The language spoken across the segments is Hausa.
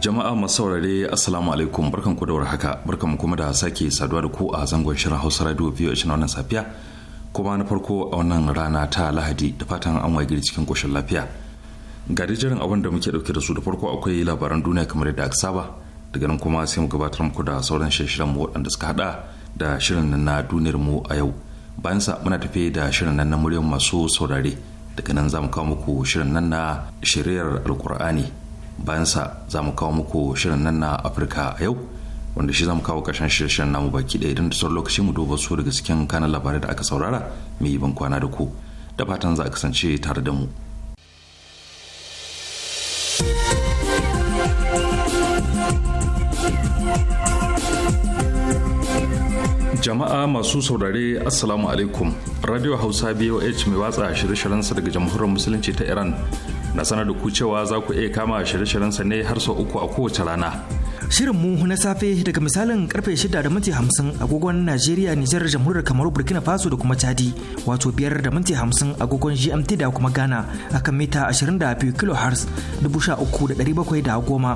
jama'a masu saurare assalamu alaikum barkan ku da haka barkan kuma da sake saduwa da ku a zangon shirin hausa radio biyu a wannan safiya kuma na farko a wannan rana ta lahadi da fatan an waye cikin koshin lafiya ga jiran abin da muke dauke da su da farko akwai labaran duniya kamar yadda aka saba daga nan kuma sai mu gabatar muku da sauran shirin mu waɗanda suka hada da shirin nan na duniyar mu a yau bayan sa muna tafe da shirin nan na muryar masu saurare daga nan za mu kawo muku shirin nan na shiriyar alkur'ani bayansa za mu kawo muku shirin nan na afirka a yau wanda shi za mu kawo ƙarshen shirin namu baki ɗaya idan da sauran lokaci mu duba su daga cikin kanan labarai da aka saurara mai ban kwana da ku da fatan za a kasance tare da mu. jama'a masu saurare assalamu alaikum radio hausa boh mai watsa shirye-shiryensa daga jamhuriyar musulunci ta iran na sanar da ku cewa za ku iya kama shirye-shiryensa ne har sau uku a kowace rana shirin mu na safe daga misalin karfe shida da minti hamsin agogon najeriya nijar jamhuriyar kamar burkina faso da kuma chadi wato biyar da minti hamsin agogon gmt da kuma ghana akan mita 22 kilohertz goma.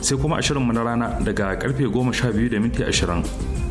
sai kuma ashirin mu na rana daga karfe goma sha biyu da minti ashirin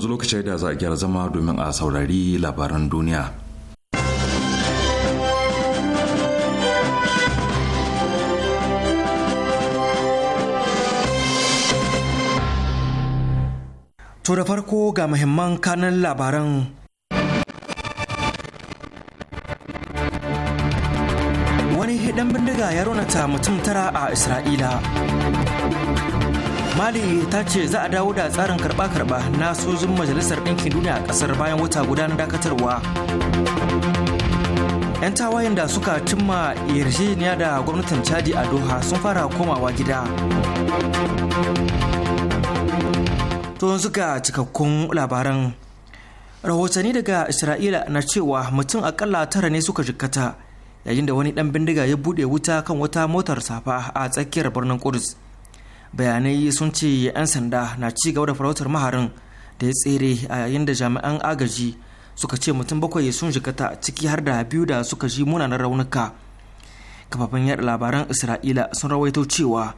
yanzu lokacin da za a gyara zama domin a saurari labaran duniya. To da farko ga muhimman kanan labaran wani hidan bindiga ya raunata mutum tara a Isra'ila. mali ta ce za a dawo da tsarin karba-karba na sojin majalisar ɗinkin duniya a ƙasar bayan wata guda na dakatarwa 'yan tawayen da suka cimma yarjejeniya da gwamnatin chadi a doha sun fara komawa gida to suka cikakkun labaran rahotanni daga isra'ila na cewa mutum akalla tara ne suka jikkata yayin da wani dan bindiga ya bude wuta kan wata motar safa a tsakiyar birnin kudus bayanai sun ce 'yan sanda na ci gaba da farautar maharin da ya tsere a yayin da jami'an agaji suka ce mutum bakwai sun jikata ciki har da biyu da suka ji munanan raunuka kafafen yada labaran isra'ila sun rawaito cewa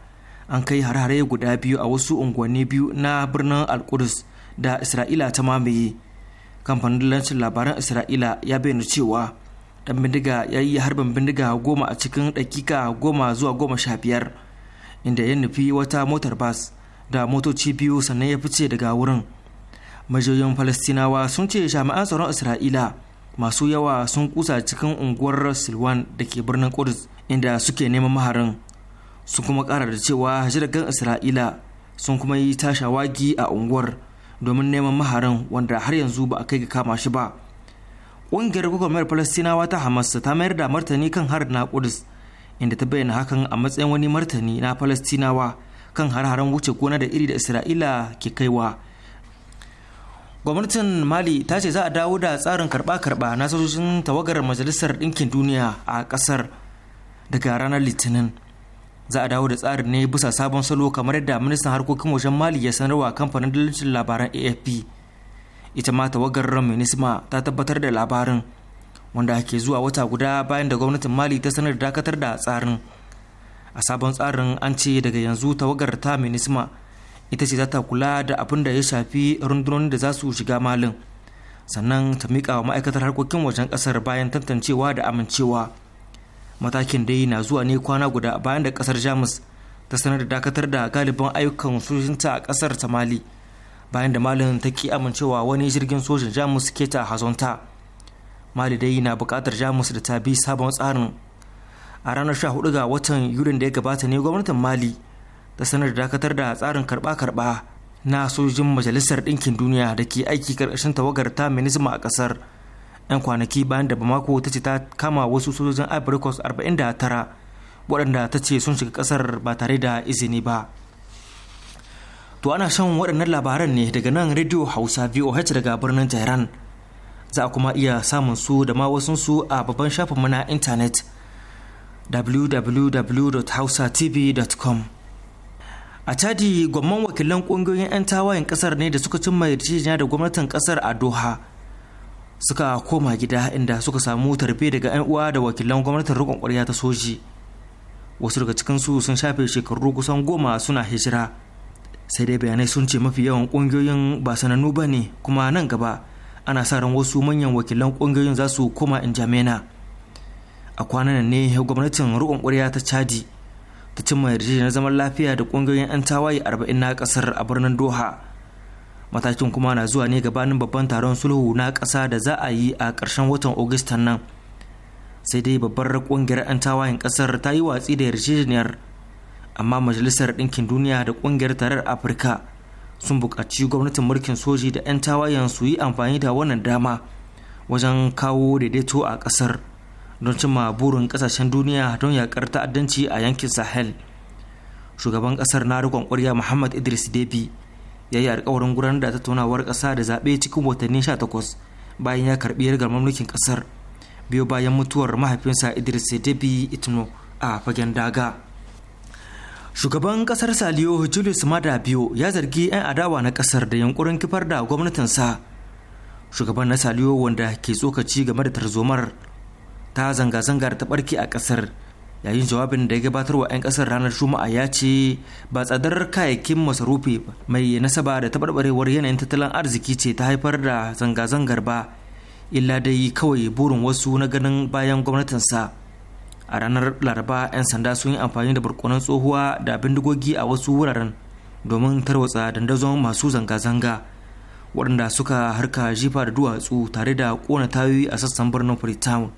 an kai hare-hare guda biyu a wasu unguwanni biyu na birnin alkudus da isra'ila ta mamaye kamfanin lancin labaran isra'ila ya bayyana cewa dan bindiga ya yi harbin bindiga goma a cikin dakika goma zuwa goma sha biyar inda ya nufi wata motar bas da motoci biyu sannan ya fice daga wurin majiyoyin falastinawa sun ce jami'an tsaron isra'ila masu yawa sun kusa cikin unguwar silwan da ke birnin kudus inda suke neman maharin sun kuma kara da cewa jiragen isra'ila sun kuma yi tashawagi a unguwar domin neman maharin wanda har yanzu ba a kai ga kama shi ba ƙungiyar gwagwarmayar falastinawa ta hamas ta mayar da martani kan harin na kudus inda ta bayyana hakan a matsayin wani martani na falastinawa kan har-haren wuce gona da iri da isra'ila ke kaiwa gwamnatin mali ta ce za a dawo da tsarin karba-karba na sojojin tawagar majalisar ɗinkin duniya a ƙasar daga ranar litinin za a dawo da tsarin ne bisa sabon salo kamar yadda ministan harkokin wajen mali ya sanarwa kamfanin dalilin labaran afp ita ma tawagar ran ta tabbatar da labarin wanda ake zuwa wata guda bayan da gwamnatin mali ta sanar da dakatar da tsarin a sabon tsarin an ce daga yanzu tawagar ta minisma ita ce za ta kula da abin da ya shafi rundunonin da za su shiga malin sannan ta miƙa wa ma'aikatar harkokin wajen ƙasar bayan tantancewa da amincewa matakin dai na zuwa ne kwana guda bayan da ƙasar jamus ta sanar da dakatar da galibin ayyukan sojinta a ƙasar ta mali bayan da malin ta amincewa wani jirgin sojin jamus ke ta hazonta mali dai na bukatar jamus da ta bi sabon tsarin a ranar 14 ga watan yulin da ya gabata ne gwamnatin mali ta sanar da dakatar da tsarin karɓa-karɓa na sojojin majalisar ɗinkin duniya da ke aiki karkashin tawagar ta minisma a kasar 'yan kwanaki bayan da bamako ta ce ta kama wasu sojojin ivory arba'in da tara waɗanda ta ce sun shiga kasar ba tare da izini ba to ana shan waɗannan labaran ne daga nan rediyo hausa voh daga birnin tehran za a kuma iya samun su da ma wasunsu a babban shafinmu na intanet www.hausatv.com a chadi gwamman wakilan kungiyoyin 'yan tawayen kasar ne da suka cimma yarjejeniya da gwamnatin kasar a doha suka koma gida inda suka samu tarbe daga 'yan uwa da wakilan gwamnatin rikon kwarya ta soji wasu daga cikinsu sun shafe shekaru kusan goma suna hijira sai dai bayanai sun ce mafi yawan kungiyoyin ba sanannu ba ne kuma nan gaba ana sa ran wasu manyan wakilan kungiyoyin za su koma injamena a kwanan ne gwamnatin rukun ƙwarya ta chadi ta cimma yarjejeniyar zaman lafiya da kungiyoyin 'yan tawaye arba'in na kasar a birnin doha matakin kuma na zuwa ne gabanin babban taron sulhu na ƙasa da za a yi a ƙarshen watan ogustan nan sai dai babbar kungiyar 'yan tawayen ƙasar ta yi watsi da yarjejeniyar amma majalisar ɗinkin duniya da kungiyar tarar afirka sun buƙaci gwamnatin mulkin soji da 'yan tawayen su yi amfani da wannan dama wajen kawo daidaito a ƙasar don cimma burin ƙasashen duniya don yaƙar ta'addanci a yankin sahel shugaban ƙasar na riƙon ƙwarya muhammad idris debi ya yi alkawarin gudanar da tattaunawar ƙasa da zaɓe cikin watanni 18 bayan ya karɓi rigar mulkin ƙasar biyo bayan mutuwar mahaifinsa idris debi itno a fagen daga. shugaban kasar saliyo julius mada biyo ya zargi 'yan adawa na kasar da yankurin kifar da gwamnatinsa shugaban na saliyo wanda ke tsokaci game da tarzomar ta zanga-zangar ta barke a kasar yayin jawabin da ya gabatar wa 'yan kasar ranar juma'a ya ce ba tsadar kayayyakin masarufi mai nasaba da taɓarɓarewar yanayin tattalin arziki ce ta haifar da zanga-zangar ba illa dai kawai burin wasu na ganin bayan gwamnatinsa a ranar laraba 'yan sanda sun yi amfani da barkonan tsohuwa da bindigogi a wasu wuraren domin tarwatsa dandazon masu zanga-zanga waɗanda suka harka jifa da duwatsu tare da ƙona tayoyi a sassan birnin freetown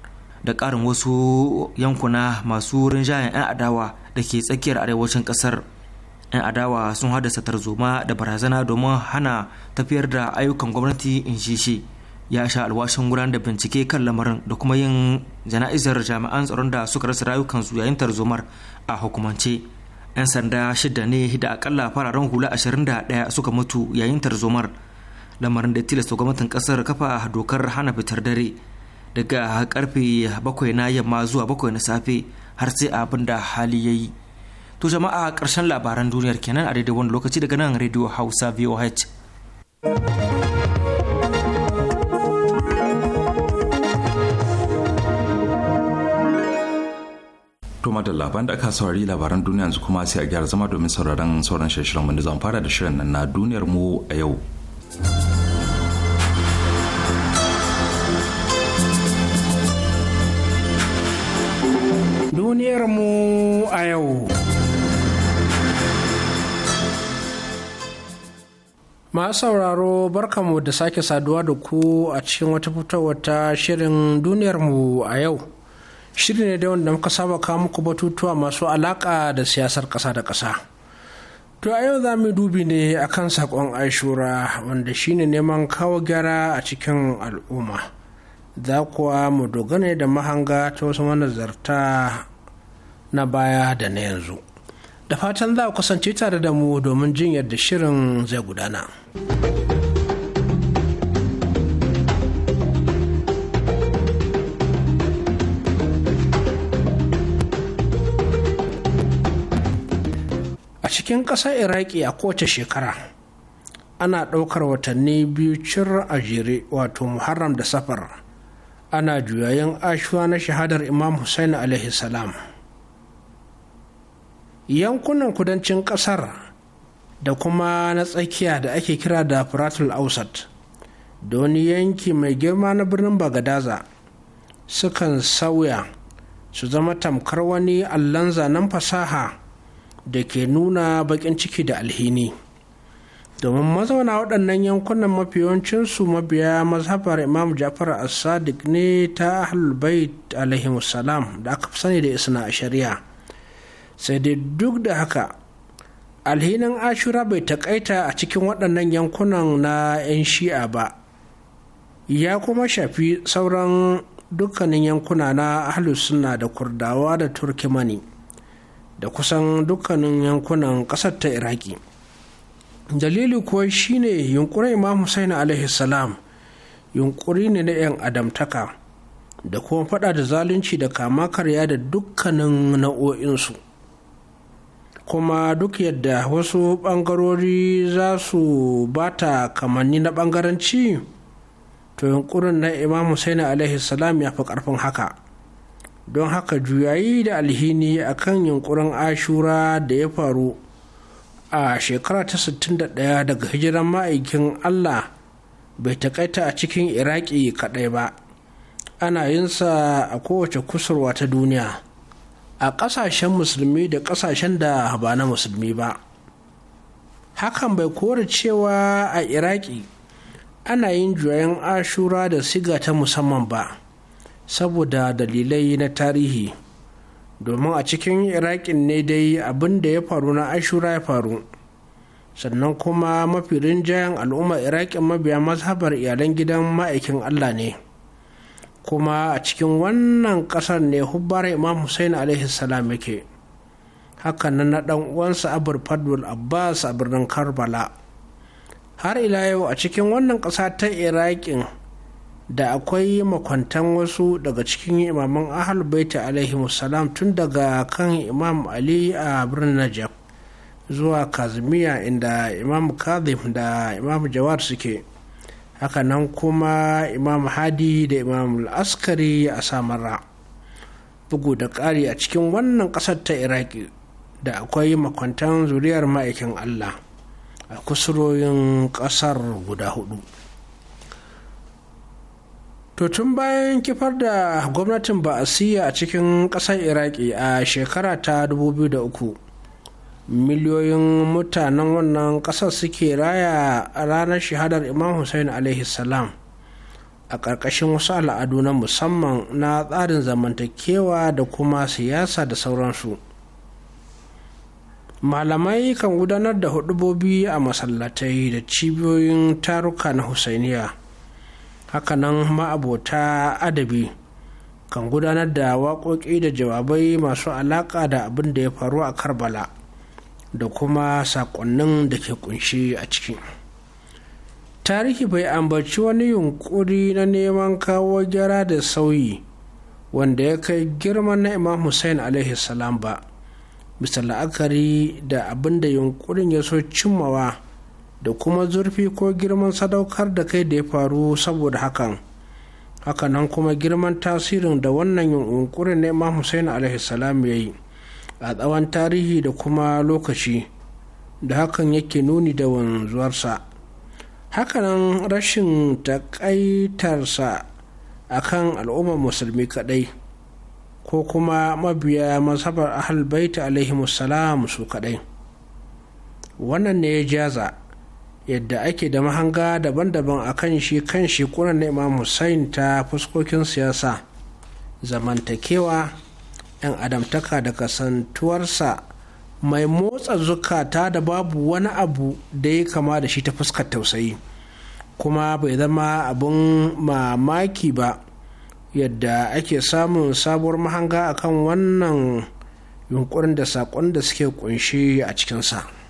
da ƙarin wasu yankuna masu rinjayen 'yan adawa da ke tsakiyar arewacin ƙasar 'yan adawa sun haddasa tarzoma da barazana domin hana tafiyar da ayyukan gwamnati in shi ya sha alwashin gudanar da bincike kan lamarin da kuma yin jana'izar jami'an tsaron da suka rasa rayukansu yayin tarzomar a hukumance 'yan sanda shida ne da akalla fararen hula ashirin 21 suka mutu yayin tarzomar lamarin da tilasta gwamnatin kasar kafa dokar hana fitar dare daga karfe bakwai na yamma zuwa bakwai na safe har sai abin da hali ya yi to jama'a karshen labaran duniyar kenan a daidai wani lokaci daga nan radio hausa voh Kuma da labaran da aka saurari labaran duniya yanzu kuma sai a gyara zama domin sauraron sauran shirye-shiryenmu shirye-shiryen wanda zan fara da shirin nan na duniyar mu a yau. Duniyar mu a yau. Masu sauraro barkamu da sake saduwa da ku a cikin wata fitowar ta shirin duniyarmu a yau. shiri ne da wanda muka saba kawo muku batutuwa masu alaƙa da siyasar ƙasa da ƙasa. To a yau za mu dubi ne a kan saƙon Aishura wanda shine neman kawo gyara a cikin al'umma. Za kuwa mu dogane da mahanga ta wasu manazarta na baya da na yanzu. Da fatan za ku kasance tare da mu domin jin yadda shirin zai gudana. cikin ƙasar iraki a kowace shekara ana ɗaukar watanni biyu cir a wato muharram da safar ana juyayen ashuwa na shahadar imam hussein alaihi salam yankunan kudancin ƙasar da kuma na tsakiya da ake kira da firatul ausat da wani yanki mai girma na birnin bagadaza sukan sauya su zama tamkar wani allon zanen fasaha da ke nuna baƙin ciki da alhini domin mazauna waɗannan yankunan mafi yawancinsu mabiya mazhabar imam jafar as-sadiq ne ta ahlul alaihi salam da aka fi sani da isna a shari'a sai dai duk da haka alhinin ashura bai takaita a cikin waɗannan yankunan na 'yan shi'a ba ya kuma shafi sauran dukkanin yankuna na ahlus suna da kurdawa da turkimani da kusan dukkanin yankunan ƙasar ta iraki dalili kuwa shine yunkurin imam hussein alaihi salam yunkuri ne na 'yan adamtaka da kuma fada da zalunci da kama karya da dukkanin nau'o'insu kuma duk yadda wasu bangarori za su bata kamanni na bangaranci to yunkurin na imam hussein alaihi salam ya fi karfin haka don haka juyayi da alhini a kan yunkurin ashura da ya faru a shekara ta 61 daga hijiran ma'aikin allah bai takaita a cikin iraki kadai ba ana yinsa a kowace kusurwa ta duniya a ƙasashen musulmi da ƙasashen da ba na musulmi ba hakan bai kori cewa a iraki ana yin juyayin ashura da siga ta musamman ba saboda dalilai na tarihi domin a cikin iraƙin ne dai abin da ya faru na ashura ya faru sannan kuma mafi rinjayen al'ummar iraƙin mabiya mazhabar iyalan gidan ma'aikin allah ne kuma a cikin wannan ƙasar ne hubbar imam hussein alaihi salam yake hakan na ɗan uwansa abur fadul abbas a birnin karbala har ila yau a cikin wannan ƙasa ta iraƙin da akwai makwantan wasu daga cikin imaman ahal baita alaihi salam tun daga kan imam ali a birnin najaf zuwa kazmiya inda imam kazim da imam jawar suke hakanan kuma imam hadi da imam askari a samarra bugu da ƙari a cikin wannan ƙasar ta iraki da akwai makwantan zuriyar ma'aikin allah a kusurorin ƙasar guda hudu To tun bayan kifar da gwamnatin ba'asiyya a cikin ƙasar Iraki a shekara ta 2003, miliyoyin mutanen wannan ƙasar suke raya ranar shahadar Imam Hussein alaihi salam a ƙarƙashin wasu al'adu na musamman na tsarin zamantakewa da kuma siyasa da sauransu. Malamai kan gudanar da hudubobi a masallatai da cibiyoyin taruka na Hussainiya. hakanan ma'abota adabi kan gudanar da waƙoƙi da jawabai masu alaƙa da abin da ya faru a karbala da kuma saƙonnin da ke kunshi a ciki tarihi bai ambaci wani yunƙuri na neman kawo gyara da sauyi wanda ya kai girman na imam hussein alaihi salam ba bisa la'akari da abin da yunkurin ya so cimmawa da kuma zurfi ko girman sadaukar da kai da ya faru saboda hakan hakanan kuma girman tasirin da wannan yunkurin na ma hussein alaihissalam ya yi a tsawon tarihi da kuma lokaci da hakan yake nuni da wanzuwarsa hakanan rashin takaitarsa a kan al'ummar musulmi kadai ko kuma mabiya masabar ahal baita salam su kadai wannan ne ya jaza yadda ake da mahanga daban-daban a kan shi kan shi kunan na imam hussein ta fuskokin siyasa zamantakewa 'yan adamtaka da kasantuwarsa mai motsa zukata da babu wani abu da ya kama da shi ta fuskar tausayi kuma bai zama abin mamaki ba yadda ake samun sabuwar mahanga akan wannan yunkurin da saƙon da suke kunshi a cikinsa.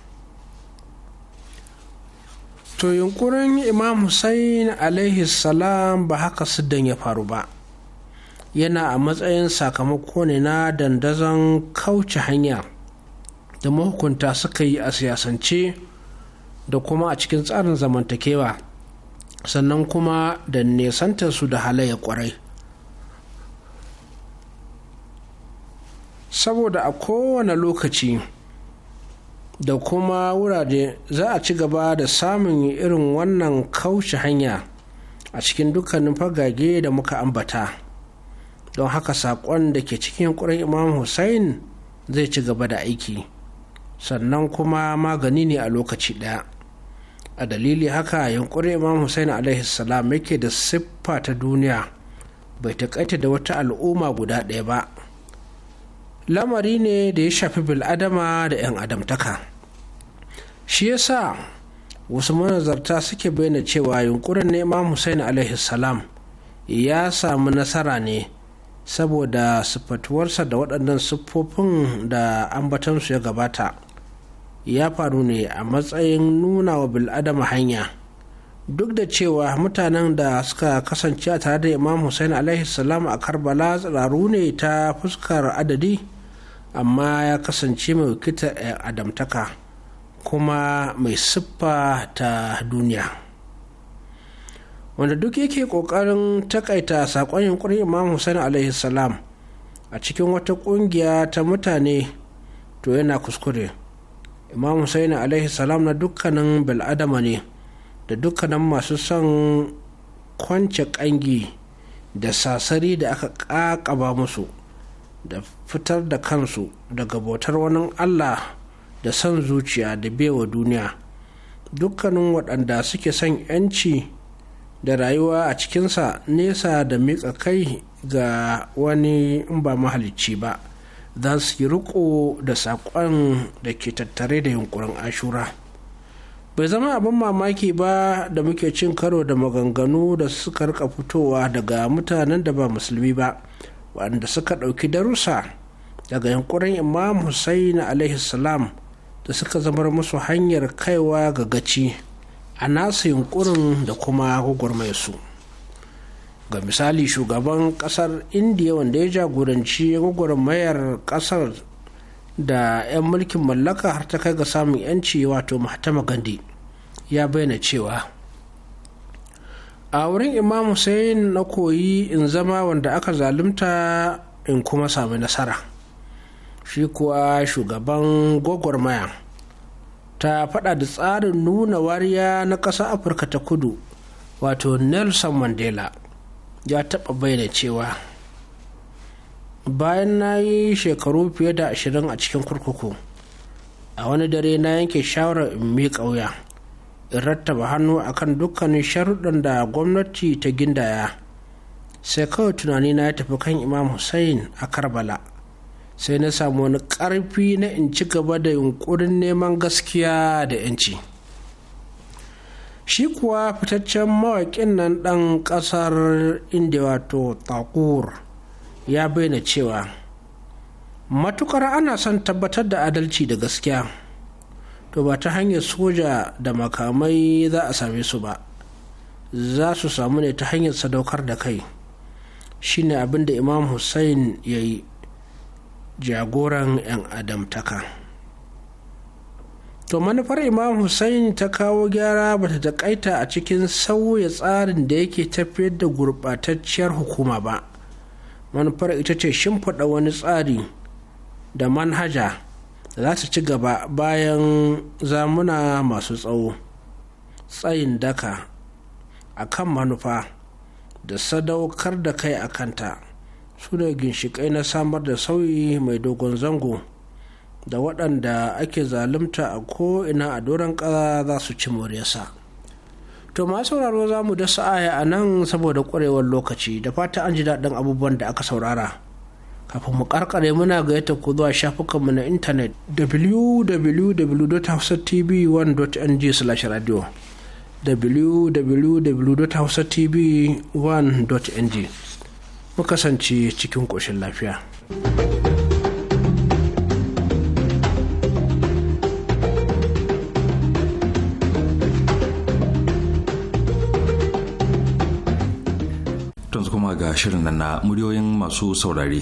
to yunkurin imam hussein alaihi salam ba haka Dan ya faru ba yana a matsayin sakamako ne na dandazon kauce hanya da mahukunta suka yi a siyasance da kuma a cikin tsarin zamantakewa sannan kuma da su da halayya kwarai saboda a kowane lokaci da kuma wurare za a ci gaba da samun irin wannan kaushe hanya a cikin dukkanin fagage da muka ambata don haka saƙon da ke cikin ƙuran imam hussain zai ci gaba da aiki sannan kuma magani ne a lokaci ɗaya a dalili haka yunƙurin imam hussain alaihi salam yake da siffa ta duniya bai taƙaita da wata al'umma guda ɗaya ba lamari ne da ya shafi bil'adama da 'yan adamtaka shi yasa wasu manazarta suke bayyana cewa yunkurin neman hussein alaihi salam ya samu nasara ne saboda sifatuwarsa da waɗannan siffofin da ambatansu ya gabata ya faru ne a matsayin nuna wa bil'adama hanya duk da cewa mutanen da suka kasance a tare da imam hussein alaihi salam a karbala tsiraru ne ta fuskar adadi amma ya kasance mai wakiltar adamtaka kuma mai siffa ta duniya wanda duk yake kokarin takaita sakon yunkurin imam hussein alaihi salam a cikin wata kungiya ta mutane to yana kuskure imam hussein alaihi salam na dukkanin bil'adama ne da dukkanin masu son kwance kangi da sasari da aka ƙaƙaba musu da fitar da kansu daga bautar wani allah da son zuciya da bewa duniya dukkanin waɗanda suke son 'yanci da rayuwa a cikinsa nesa da miƙa kai ga wani in ba mahalicci ba za su yi riko da saƙon da ke tattare da yunkurin ashura bai zama abin mamaki ba da muke cin karo da maganganu da suka rika fitowa daga mutanen da ba musulmi ba waɗanda suka ɗauki darussa daga yankurin imam hussaini alaihi salam da suka zamar musu hanyar kaiwa ga gaci a nasu yunkurin da kuma gwagwarmai su ga misali shugaban ƙasar indiya wanda ya jagoranci gwagwarmayar ƙasar da 'yan mulkin mallaka har ta kai ga samun 'yanci wato mahatama gandhi ya bayyana cewa a wurin imam hussein na koyi in zama wanda aka zalunta in kuma sami nasara shi kuwa shugaban gwagwarmaya ta fada da tsarin nuna wariya na ƙasa afirka ta kudu wato nelson mandela ya taɓa bayyana cewa bayan na yi shekaru fiye da ashirin a cikin kurkuku a wani dare na yanke shawarar in miƙa wuya In rattaba hannu kan dukkanin sharuɗan da gwamnati ta gindaya sai kawai tunani na ya tafi kan imam hussein a karbala sai na samu wani ƙarfi na in ci gaba da yunkurin neman gaskiya da 'yanci shi kuwa fitaccen mawaƙin nan ɗan ƙasar inda wato takur ya bayyana cewa matukar ana son tabbatar da adalci da gaskiya to ba ta hanyar soja da makamai za a same su ba za su samu ne ta hanyar sadaukar da kai shine abin da imam hussein ya yi jagoran 'yan adamtaka to manufar imam hussein ta kawo gyara ba ta takaita a cikin sauya tsarin da yake tafiyar da gurɓatacciyar hukuma ba manufar ita ce shimfiɗa wani tsari da manhaja da za su ci gaba bayan zamuna masu tsawo tsayin daka a kan manufa da sadaukar da kai a kanta su ne ginshiƙai na samar da sauyi mai dogon zango da waɗanda ake zalunta a ko'ina a doron ƙasa za su ci moriyarsa. to ma sauraro za mu da sa'aya a nan saboda ƙwarewar lokaci da fata an ji daɗin abubuwan da aka saurara kafin mu karkare muna gayyata ku zuwa shafukanmu na intanet www.hausatv1.ng/radio www.hausatv1.ng mu kasance cikin ƙoshin lafiya. Tunzu kuma ga shirin na muryoyin masu saurare.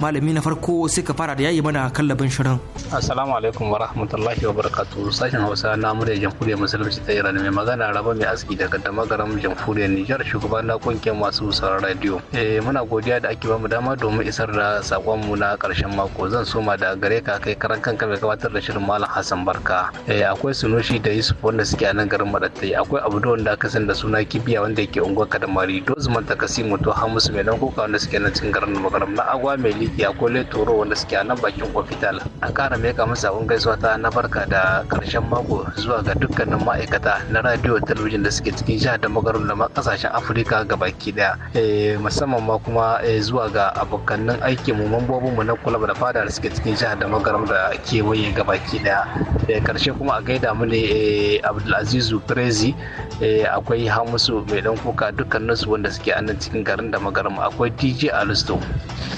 malami na farko sai ka fara da yayi mana kallabin shirin assalamu alaikum wa rahmatullahi wa barakatuh sashen hausa na murya jamhuriyar musulunci ta iran mai magana raba mai aski daga damagaram jamhuriyar nijar shugaban na kungiyar masu sauran radio eh muna godiya da ake bamu dama domin isar da sakon mu na karshen mako zan soma da gare ka kai karan kanka mai gabatar da shirin malam hassan barka eh akwai sunushi da yusuf wanda suke a nan garin madattai akwai abdu wanda aka san da suna kibiya wanda yake unguwar kadamari dozman takasimu to hamus mai dan kuka wanda suke nan cikin garin magaram na agwa mai aiki a kole toro wanda suke a nan bakin ofital an kara mai kamar sabon gaisuwa ta na barka da karshen mako zuwa ga dukkanin ma'aikata na radio talabijin da suke cikin jihar da magarin da kasashen afirka gabaki daya eh, musamman ma kuma eh, zuwa ga abokannin aikin mu mambobin mu na kulab da fada da suke cikin jihar da magarin da kewaye gabaki daya da eh, karshe kuma a gaida mu ne abdulazizu prezi akwai hamusu mai dan kuka dukkanin su wanda suke a nan cikin garin da magarin akwai dj alisto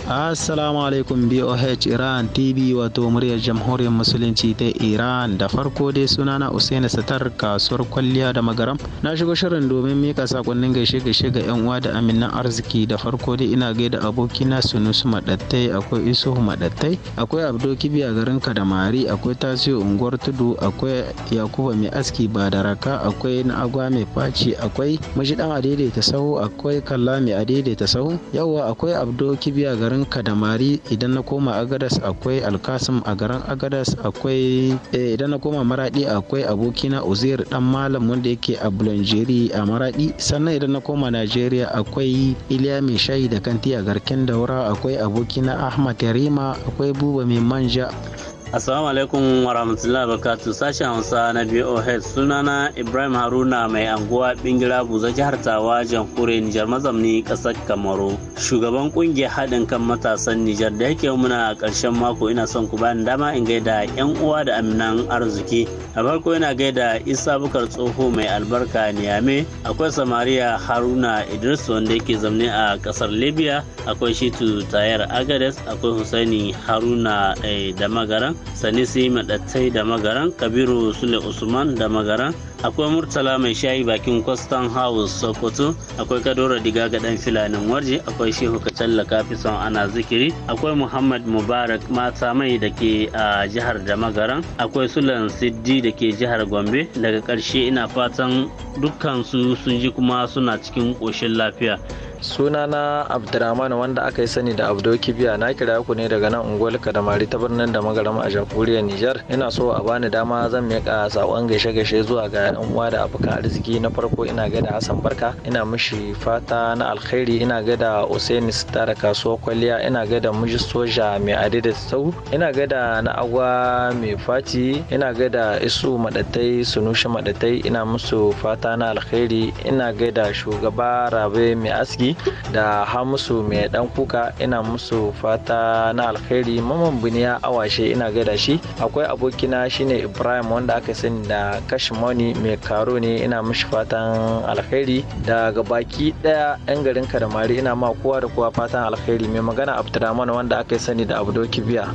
assalamu Assalamu alaikum BOH Iran TV wato muryar jamhuriyar musulunci ta Iran da farko dai sunana Usaina Satar kasuwar kwalliya da magaram na shigo shirin domin mika sakonnin gaishe gaishe ga yan uwa da aminan arziki da farko dai ina gaida abokina Sunusu Madattai akwai Isuhu Madattai akwai Abdo Kibi a garin Kadamari akwai Tasiyo unguwar Tudu akwai Yakuba mai aski ba da raka akwai na agwa mai faci akwai Mashidan Adaidaita Sahu akwai Kalla mai Adaidaita Sahu yawa akwai Abdo Kibi a garin Kadamari samari idan na koma agadas akwai alkasim a garin agadas akwai eh, idan na koma maradi akwai abokina uzair dan malam wanda yake a bulanjeri a maradi sannan idan na koma najeriya akwai iliya mai shayi da kanti a garken daura akwai abokina ahmad yarima akwai buba mai manja Assalamu alaikum warahmatullahi wabarakatuh sashen Hausa na BOH sunana Ibrahim Haruna mai anguwa Bingira Buza jihar Tawa jamhuriyar Nijar mazamni kasar Kamaru shugaban kungiyar haɗin kan matasan Nijar da yake muna a ƙarshen mako ina son ku bani dama in gaida yan uwa da aminan arziki a farko ina gaida Isa Bukar Tsoho mai albarka Niyame akwai Samaria Haruna Idris wanda yake zamne a ƙasar Libya akwai Shitu Tayar Agades akwai Husaini Haruna eh, da Magaran. sanisi madattai da magaran kabiru sule usman da magaran akwai murtala mai shayi bakin kwastan house sokoto akwai kadora diga ga dan filanin warje akwai shehu kacalla kafison ana zikiri akwai muhammad mubarak mata mai da ke a jihar da magaran akwai sulan siddi da ke jihar gombe daga ƙarshe ina fatan dukkan su sun ji kuma suna cikin ƙoshin lafiya sunana abdurrahman wanda aka yi sani da abdo kibiya na kira ku ne daga nan unguwar kadamari ta birnin da magarama a jamhuriyar nijar ina so a bani dama zan miƙa saƙon gaishe gaishe zuwa ga yan uwa da abokan arziki na farko ina gada hassan barka ina mishi fata na alkhairi ina gada usaini sitara kasuwar kwalliya ina gada miji soja mai adida sau ina gada na agwa mai fati ina gada isu madatai sunushi madatai ina musu fata na alkhairi ina gada shugaba rabe mai aski da Hamisu mai dan kuka ina musu fata na alkhairi maman buniya awashe ina gada shi akwai abokina shine Ibrahim wanda aka sani da kashimoni mai karo ne ina mishi fatan alkhairi Da ga baki daya yan garin Kadamari ina ma kowa da kowa fatan alkhairi mai magana Abdurrahman wanda aka sani da Abdo Kibiya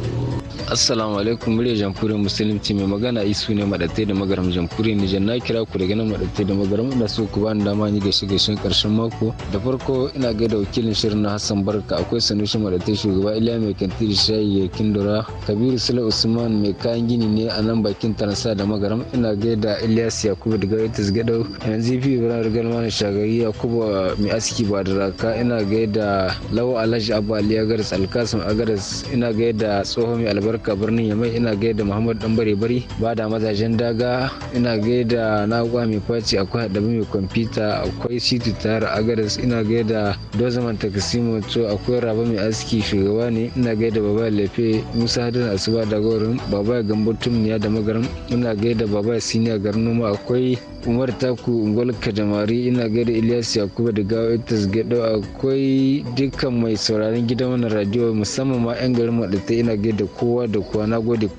assalamu alaikum murya jamhuriyar musulunci mai magana isu ne madatai da magaram jamhuriyar nijar na kira ku daga nan madatai da magaram da so ku bani dama ni gaishe gaishen karshen mako da farko ina da wakilin shirin na hassan barka akwai sanushi madatai shugaba iliya mai kantiri shayi ya kindura kabiru sula usman mai kayan gini ne a nan bakin taransa da magaram ina da ilyas yakubu daga itis gado yanzu fi ibrahim rigar mana shagari yakubu mai aski ba da raka ina da lawa alhaji abu aliyar garis alkasim agaris ina da tsohon mai albarka barka birnin yamai ina gaida muhammad dan bare bari ba da mazajen daga ina gaida nagwa mai faci akwai hadabi mai kwamfuta akwai city tara agares ina gaida dozaman takasimo to akwai raba mai aski shugaba ne ina gaida baba lefe musa hadin asuba da gorin baba gambo tumniya da magaram ina gaida baba siniya garin noma akwai umar taku ungol kadamari ina gaida ilyas yakuba da gawa itas gado akwai dukkan mai sauraron gidan radio musamman ma yan garin maɗata ina gaida kowa da kuwa na gode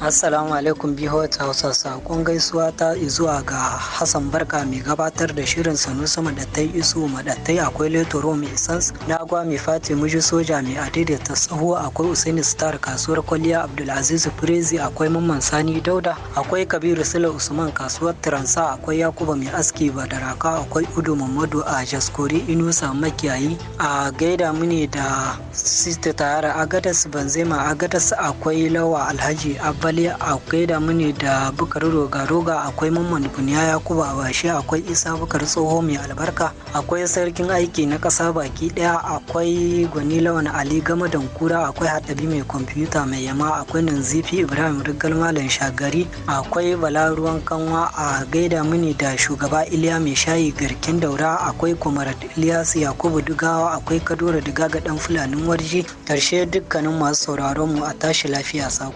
Assalamu alaikum bihawata Hausa saƙon gaisuwa ta zuwa ga Hassan Barka mai gabatar da shirin sanusa Madattai Isu Madattai akwai Letoro mai Sans agwa mai Fati Muji Soja mai Adida ta Saho akwai Usaini Star kasuwar Kwaliya Abdulaziz Firezi akwai Mamman Sani Dauda akwai Kabiru Sule Usman kasuwar Taransa akwai Yakuba mai Aski Badaraka akwai Udu Mamadu a Jaskori Inusa Makiyayi a gaida mune da Sita Tayara Agadas Banzema Agadas akwai Lawa Alhaji Abba Fale akwai da mune da Bukar Roga Roga akwai Mamman Buniya a Abashi akwai Isa Bukar Tsoho mai albarka akwai sarkin aiki na ƙasa baki ɗaya akwai Gwani Lawan Ali Gama Dankura akwai Haɗabi mai kwamfuta mai yama akwai Nanzifi Ibrahim Rigal Malam Shagari akwai Bala Ruwan Kanwa a gaida muni da shugaba Iliya mai shayi garken daura akwai Kwamarat Ilyas Yakubu Dugawa akwai Kadura Digaga ɗan Fulanin Warji karshe dukkanin masu sauraron mu a tashi lafiya sako.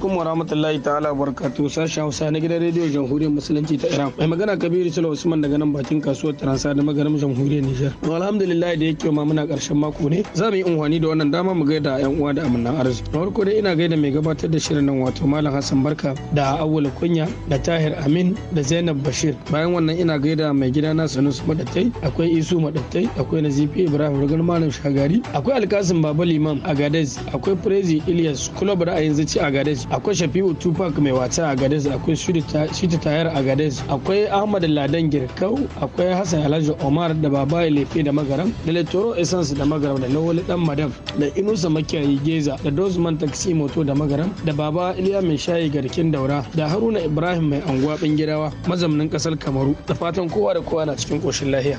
alaikum wa rahmatullahi ta'ala barkatu sashen Hausa na gidan rediyo Jamhuriyar Musulunci ta Iran. Mai magana Kabiru Sula Usman daga nan bakin kasuwar Taransa da magaram Jamhuriyar Nijar. To alhamdulillah da yake ma muna karshen mako ne. Za mu yi unhwani da wannan dama mu gaida yan uwa da amannan arziki. Na farko dai ina gaida mai gabatar da shirin nan wato Malam Hassan Barka da Awul Kunya da Tahir Amin da Zainab Bashir. Bayan wannan ina gaida mai gida na su Madattai, akwai Isu Madattai, akwai Nazifi Ibrahim Rugar Malam Shagari, akwai Alkasim Baba Liman a Gadez, akwai Prezi Ilyas Kulob ra'ayin zaci a Gadez, akwai shafi'u tupac mai wasa a gades akwai shita tayar a gades akwai ahmad ladan girkau akwai hassan alhaji omar da baba lefe da magaram da letoro essence da magaram da lawali dan madam da inusa makiyayi geza da dozman taxi moto da magaram da baba iliya mai shayi garkin daura da haruna ibrahim mai anguwa bingirawa mazamnin kasar kamaru da fatan kowa da kowa na cikin koshin lahiya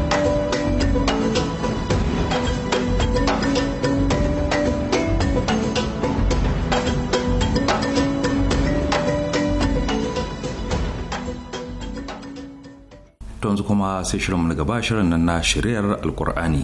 to yanzu kuma sai shirinmu na gaba shirin nan na shiryar alkur'ani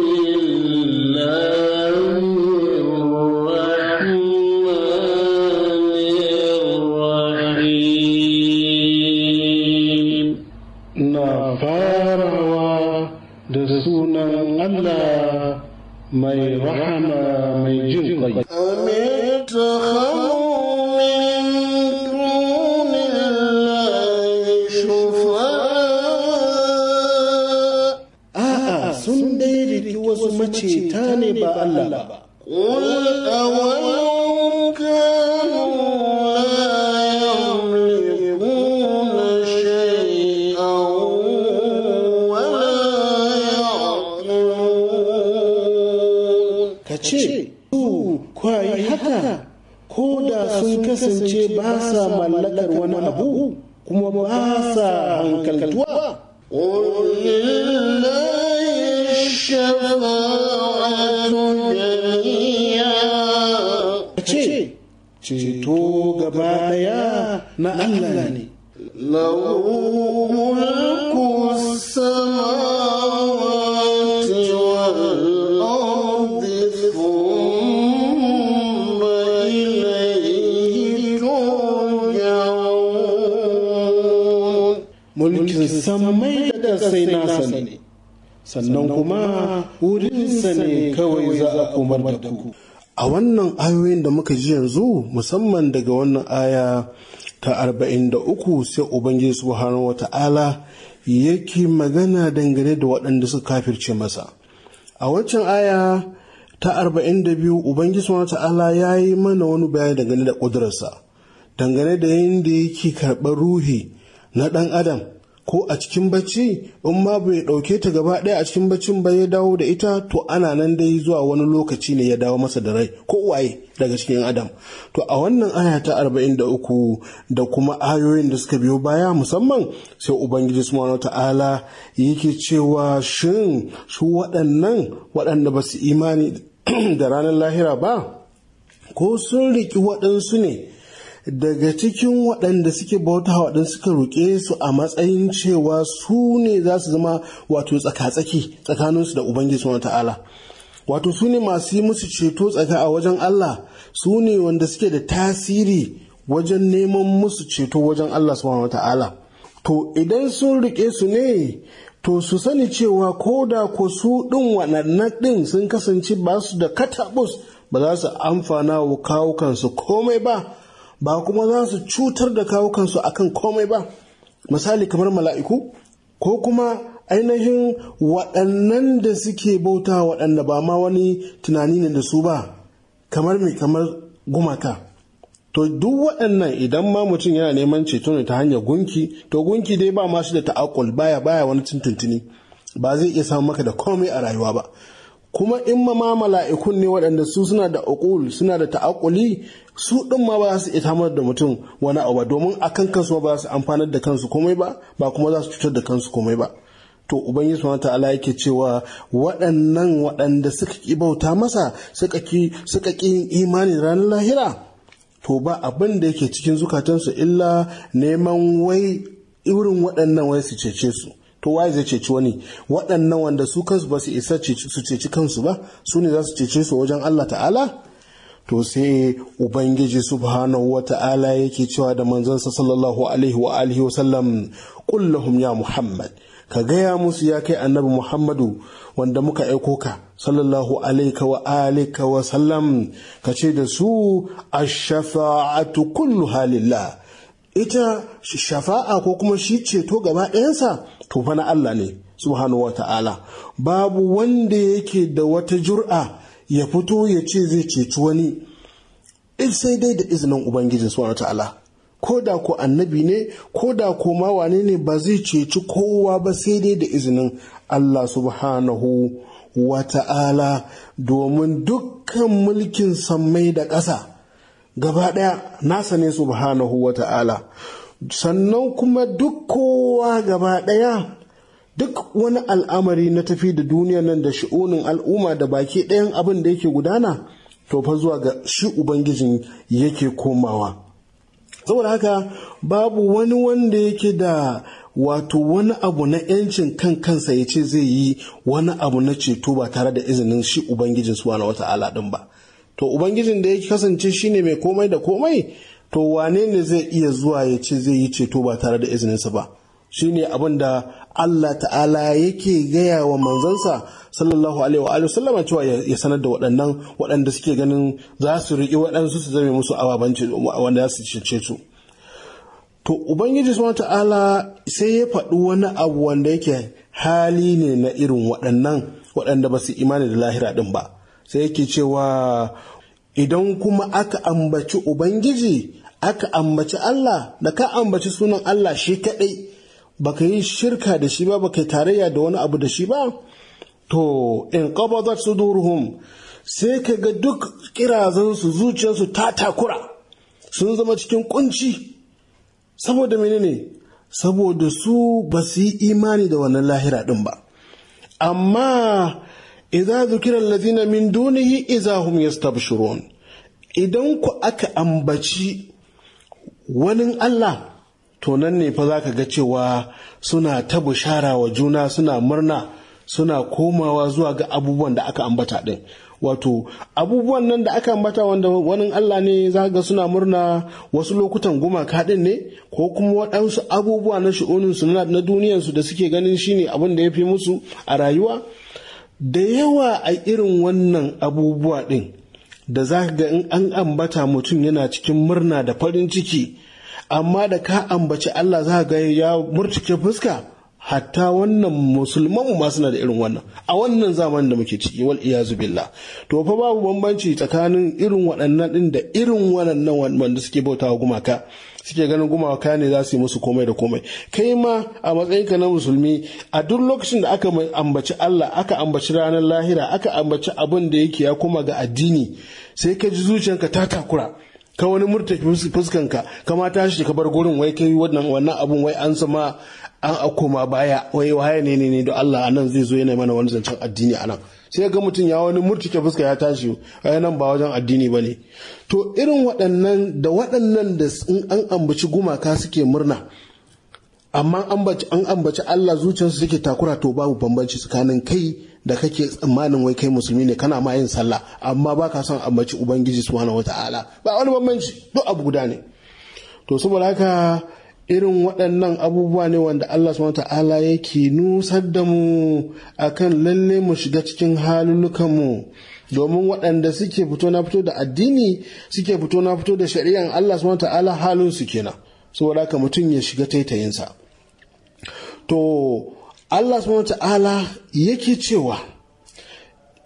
ما يروح mai da sai nasa ne sannan kuma wurinsa ne kawai za a komar da ku a wannan ayoyin da muka ji yanzu musamman daga wannan aya ta 43 sai ubangiji subhanahu wata'ala yake magana dangane da waɗanda suka kafirce masa a wancan aya ta 42 ubangiji subhanahu wata'ala ya yi mana wani bayani dangane da ƙudurarsa dangane da yadda yake karɓar ruhi na ɗan adam ko a cikin bacci in ma bai ɗauke ta gaba ɗaya a cikin baccin ba ya dawo da ita to ana nan dai zuwa wani lokaci ne ya dawo masa da rai ko waye daga cikin adam to a wannan aya ta 43 da kuma ayoyin da suka biyo baya musamman sai ubangiji subhanahu ta'ala yake cewa shin su waɗannan waɗanda ba su imani da ranar lahira ba ko sun riƙi waɗansu ne daga cikin waɗanda suke bauta waɗanda suka roƙe su a matsayin cewa su ne za su zama wato tsaka tsakaninsu da Ubangiji wa ta'ala. Wato su ne masu yi musu ceto tsaka a wajen Allah su ne wanda suke da tasiri wajen neman musu ceto wajen Allah subhanahu wa ta'ala. To idan sun riƙe su ne to su sani cewa ko da ko su ɗin waɗannan ɗin sun kasance ba su da katabus ba za su amfana wa kawukansu komai ba ba kuma za su cutar da kawukansu a kan komai ba misali kamar mala'iku ko kuma ainihin waɗannan da suke bauta waɗanda ba ma wani tunani ne da su ba kamar mai kamar gumaka to duk waɗannan idan ma mutum yana neman ceto ne ta hanyar gunki to gunki dai ba ma shi da ta'akul baya baya wani tuntuntuni ba zai iya samun maka da komai a rayuwa ba kuma in ma ma mala'ikun ne waɗanda su suna da uqul suna da ta'akuli su ɗin ma ba su itamar da mutum wani abu ba domin akan kansu ba su amfanar da kansu komai ba ba kuma za su cutar da kansu komai ba to ubangiji subhanahu ta'ala yake cewa waɗannan waɗanda suka ki bauta masa suka ki suka ki imani ranar lahira to ba abin da yake cikin zukatansu illa neman wai irin waɗannan wai su cece su to waye zai ceci wani waɗannan wanda su kansu ba su isa su ceci kansu ba su ne za su ceci su wajen Allah ta'ala to sai ubangiji subhanahu wa ta'ala yake cewa da sa sallallahu alaihi wa alihi wasallam lahum ya muhammad ka gaya musu ya kai annabi muhammadu wanda muka aiko ka sallallahu alaihi wa alihi wa sallam ka ce da su ashafa'atu kullu halillah ita shafa'a ko kuma shi ceto gaba ɗayansa to fa na Allah ne subhanahu wata'ala babu wanda yake da wata jur'a ya fito ya ce zai ceci wani sai dai da izinin ubangiji subhanahu wata'ala ko da ko annabi ne ko da ko ma wane ne ba zai ceci kowa ba sai dai da izinin Allah subhanahu wata'ala domin dukkan mulkin sammai da ƙasa gaba ɗaya nasa ne subhanahu wa ta'ala sannan kuma duk kowa gaba ɗaya duk wani al'amari na tafi da duniya nan da sha'unin al'umma da baki ɗayan abin da yake gudana to fa zuwa ga shi ubangijin yake komawa saboda haka babu wani wanda yake da wato wani abu na yancin kan kansa ya ce zai yi wani abu na ceto ba tare da izinin shi ubangijin wata ala din ba to ubangijin da ya kasance shine mai komai da komai to wane ne zai iya zuwa ya ce zai yi ceto ba tare da izininsa ba shine abin da Allah ta'ala yake gaya wa manzansa sallallahu alaihi wa sallama cewa ya sanar da waɗannan waɗanda suke ganin za su riƙi waɗansu su zame musu ababanci wanda za su cece su to ubangiji subhanahu ta'ala sai ya faɗi wani abu wanda yake hali ne na irin waɗannan waɗanda ba su imani da lahira ɗin ba sai yake cewa idan kuma aka ambaci ubangiji aka ambaci Allah da ka ambaci sunan Allah shi kaɗai baka yi shirka da shi ba baka yi tarayya da wani abu da shi ba to in qabadat sudurhum sai ka ga duk kirazansu zuciyarsu ta takura sun zama cikin ƙunci. saboda menene saboda su ba su yi imani da wannan lahira ɗin ba amma iza dhukira alladhina min dunihi idza hum idan ku aka ambaci wani Allah to nan ne fa zaka ga cewa suna ta bushara wa juna suna murna suna komawa zuwa ga abubuwan da aka ambata din wato abubuwan nan da aka ambata wanda wani Allah ne za ga suna murna wasu lokutan gumaka din ne ko kuma waɗansu abubuwa na su na duniyansu da suke ganin shine abin da ya fi musu a rayuwa da yawa a irin wannan abubuwa ɗin da za ga in an ambata mutum yana cikin murna da farin ciki amma da ka ambaci Allah za ga ya murtuke fuska hatta wannan musulman ma suna da irin wannan a wannan zamanin da muke ciki wal iyazu billah to fa babu bambanci tsakanin irin waɗannan din da irin waɗannan wanda suke bautawa gumaka suke ganin gumaka ne za su yi musu komai da komai kai ma a matsayinka na musulmi a duk lokacin da aka ambaci Allah aka ambaci ranar lahira aka ambaci abin da yake ya koma ga addini sai ka ji zuciyanka ta takura ka wani murta fuskanka kama shi ka bar gurin wai kai wannan wannan abun wai an sama an akoma baya wai waye ne ne don Allah anan zai zo yana mana wani zancen addini anan sai ga mutum ya wani murtuke fuska ya tashi ai nan ba wajen addini ba ne to irin waɗannan da waɗannan da an ambaci gumaka suke murna amma an ambaci Allah zuciyarsu suke takura to babu bambanci tsakanin kai da kake tsammanin wai kai musulmi ne kana ma yin sallah amma baka son ambaci ubangiji subhanahu wata'ala ba wani bambanci duk abu guda ne to saboda haka irin waɗannan abubuwa ne wanda Allah subhanahu ta'ala yake nusar da mu akan lalle mu shiga cikin halulukanmu domin waɗanda suke fito na fito da addini suke fito na fito da shari'an Allah subhanahu ta'ala halin su kenan saboda mutum ya shiga taitayinsa to Allah subhanahu ta'ala yake cewa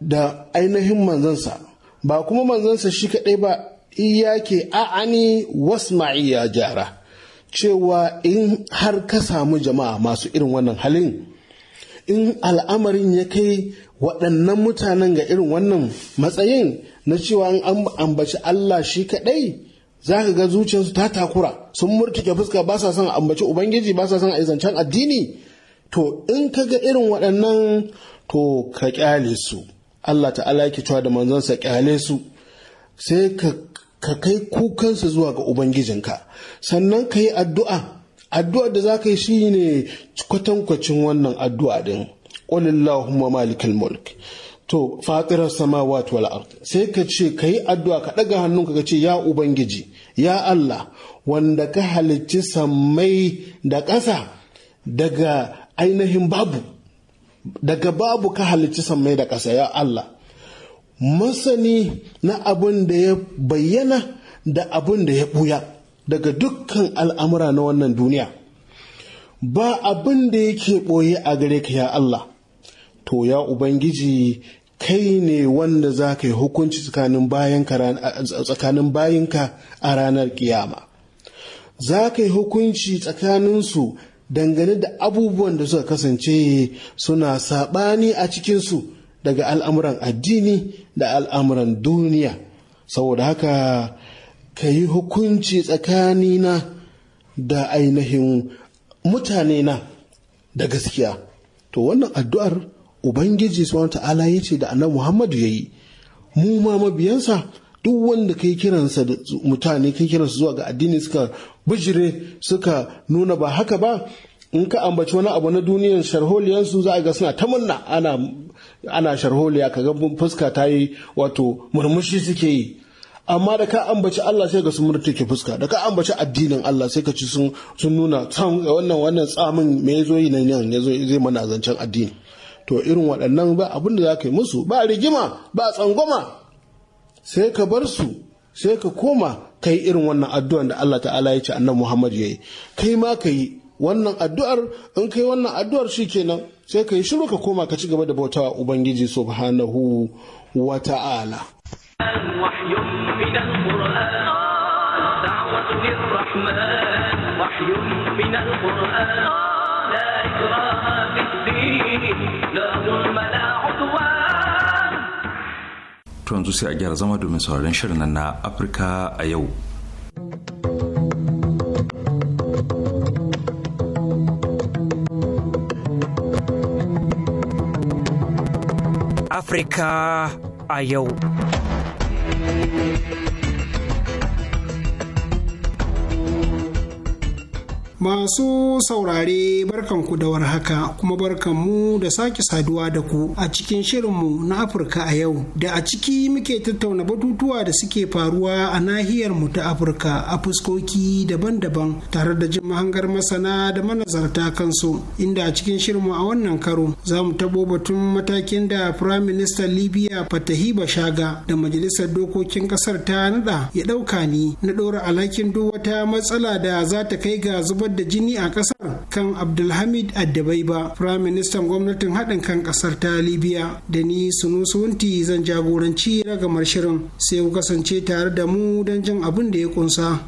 da ainihin manzansa ba kuma manzansa shi kaɗai ba iyake a'ani wasma'i ya jara cewa in har ka samu jama'a masu irin wannan halin in al'amarin ya kai waɗannan mutanen ga irin wannan matsayin na cewa an ambaci Allah shi kaɗai za ka ga zuciyarsu ta takura sun murtuke fuska ba sa son ambaci ubangiji ba sa son a zancen addini to in ka ga irin waɗannan to ka kyale su Allah ta'ala yake cewa da manzansa kyale su sai ka ka kai kukansa zuwa ga ubangijinka sannan ka yi addu'a addu'ar da za ka yi ne kwatankwacin wannan addu'a ɗin qulillahumma malikal mulk to fatirar sama wal ard sai ka ce ka yi addu'a ka ɗaga hannunka ka ce ya ubangiji ya Allah wanda ka halicci sammai da ƙasa daga ainihin babu daga babu ka halicci sammai da ƙasa ya Allah masani na abin da ya bayyana da abin da ya buya daga dukkan al'amura na wannan duniya ba abin da yake ɓoye a gare ka ya Allah to ya Ubangiji kai ne wanda za ka yi hukunci tsakanin bayinka a ranar kiyama za ka yi hukunci tsakaninsu dangane da abubuwan da suka kasance suna saɓani a cikinsu daga al'amuran addini da al'amuran duniya saboda haka ka yi hukunci tsakanina da ainihin mutanena da gaskiya to wannan addu'ar ubangiji subhanahu ta'ala ya ce da annabi muhammadu ya yi mu ma mabiyansa duk wanda kai kiransa da mutane kai kiransa zuwa ga addini suka bijire suka nuna ba haka ba in ka ambaci wani abu na duniyar sharholiyansu za a ga suna ta murna ana ana sharholiya ka gan fuska ta yi wato murmushi suke yi amma da ka ambaci Allah sai ka sun ke fuska da ka ambaci addinin Allah sai ka ci sun nuna wannan wannan tsamin me yazo yi nan ya zo zai mana zancen addini to irin waɗannan ba abin da za ka yi musu ba rigima ba tsangwama sai ka bar su sai ka koma kai irin wannan addu'an da Allah ta'ala ya ce annabi Muhammad ya yi kai ma ka yi wannan addu'ar in kai wannan addu'ar shi kenan sai ka yi shiru ka koma ka ci gaba da bautawa ubangiji subhanahu wa ta'ala To yanzu sai a gyara zama domin sauraron shirin na Afirka a yau. Afirka a yau. Masu saurare barkan ku da warhaka kuma barkanmu da sake saduwa da ku a cikin shirinmu na Afirka a yau da a ciki muke tattauna batutuwa da suke faruwa a nahiyar mu ta Afirka a fuskoki daban-daban tare da jin mahangar masana da manazarta kansu inda a cikin shirinmu a wannan karo za mu tabo batun matakin da Prime Ministan Libya Fatahi Bashaga da Majalisar Dokokin Kasar ta naɗa ya ɗauka ni na ɗora alhakin duk wata matsala da za ta kai ga zubar da jini a kasar kan abdulhamid addabai ba prime ministan gwamnatin haɗin kan kasar ta libya da ni sunti zan jagoranci ragamar shirin sai ku kasance tare da mu don jin abin da ya kunsa.